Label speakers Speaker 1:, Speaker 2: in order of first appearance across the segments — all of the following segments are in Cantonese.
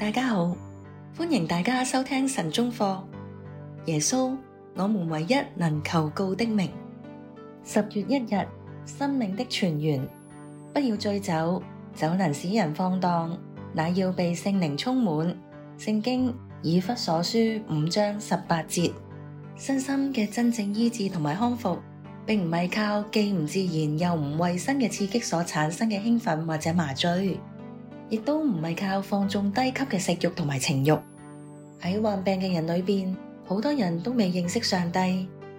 Speaker 1: 大家好，歡迎大家收聽神中課。耶穌，我們唯一能求告的名。十月一日，生命的泉源。不要醉酒，酒能使人放蕩，乃要被聖靈充滿。聖經以弗所書五章十八節：身心嘅真正醫治同埋康復，並唔係靠既唔自然又唔衛生嘅刺激所產生嘅興奮或者麻醉。亦都唔係靠放縱低級嘅食欲同埋情欲。喺患病嘅人裏邊，好多人都未認識上帝，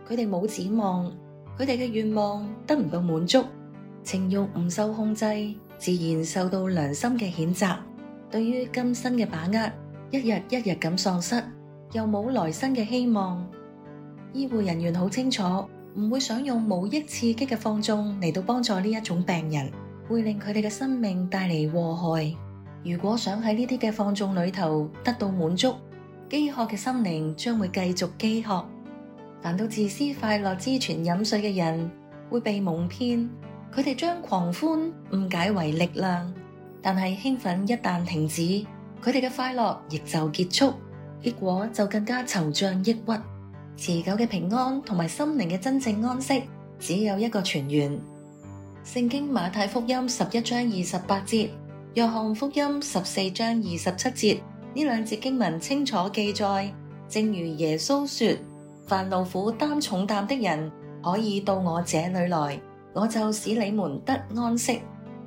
Speaker 1: 佢哋冇指望，佢哋嘅願望得唔到滿足，情欲唔受控制，自然受到良心嘅譴責。對於今生嘅把握，一日一日咁喪失，又冇來生嘅希望。醫護人員好清楚，唔會想用無益刺激嘅放縱嚟到幫助呢一種病人，會令佢哋嘅生命帶嚟禍害。如果想喺呢啲嘅放縱裏頭得到滿足，飢渴嘅心靈將會繼續飢渴。凡到自私快樂之泉飲水嘅人會被蒙騙，佢哋將狂歡誤解為力量，但係興奮一旦停止，佢哋嘅快樂亦就結束，結果就更加惆悵抑鬱。持久嘅平安同埋心靈嘅真正安息，只有一個泉源。聖經馬太福音十一章二十八節。約翰福音十四章二十七節，呢兩節經文清楚記載，正如耶穌說：凡勞苦擔重擔的人可以到我這裏來，我就使你們得安息。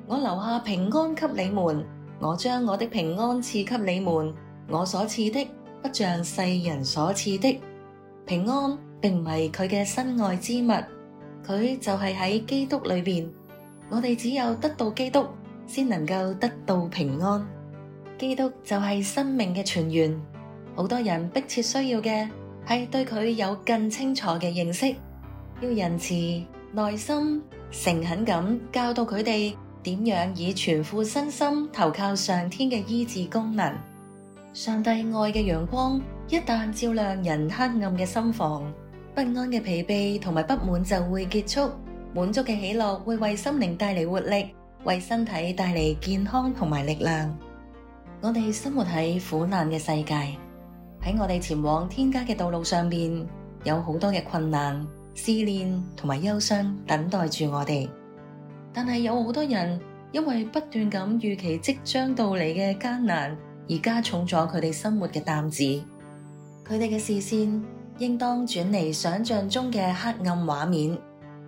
Speaker 1: 我留下平安給你們，我將我的平安賜給你們，我所賜的，不像世人所賜的。平安並唔係佢嘅身外之物，佢就係喺基督裏面。我哋只有得到基督，先能夠得到平安，基督就係生命嘅泉源。好多人迫切需要嘅係對佢有更清楚嘅認識，要仁慈、耐心、誠懇咁教導佢哋點樣以全副身心投靠上天嘅醫治功能。上帝愛嘅陽光一旦照亮人黑暗嘅心房，不安嘅疲憊同埋不滿就會結束，滿足嘅喜樂會為心靈帶嚟活力。為身體帶嚟健康同埋力量。我哋生活喺苦難嘅世界，喺我哋前往天家嘅道路上面，有好多嘅困難、試煉同埋憂傷等待住我哋。但係有好多人因為不斷咁預期即將到嚟嘅艱難，而加重咗佢哋生活嘅擔子。佢哋嘅視線應當轉離想象中嘅黑暗畫面。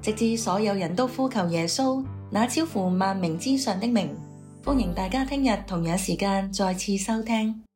Speaker 1: 直至所有人都呼求耶穌那超乎萬名之上的名，歡迎大家聽日同樣時間再次收聽。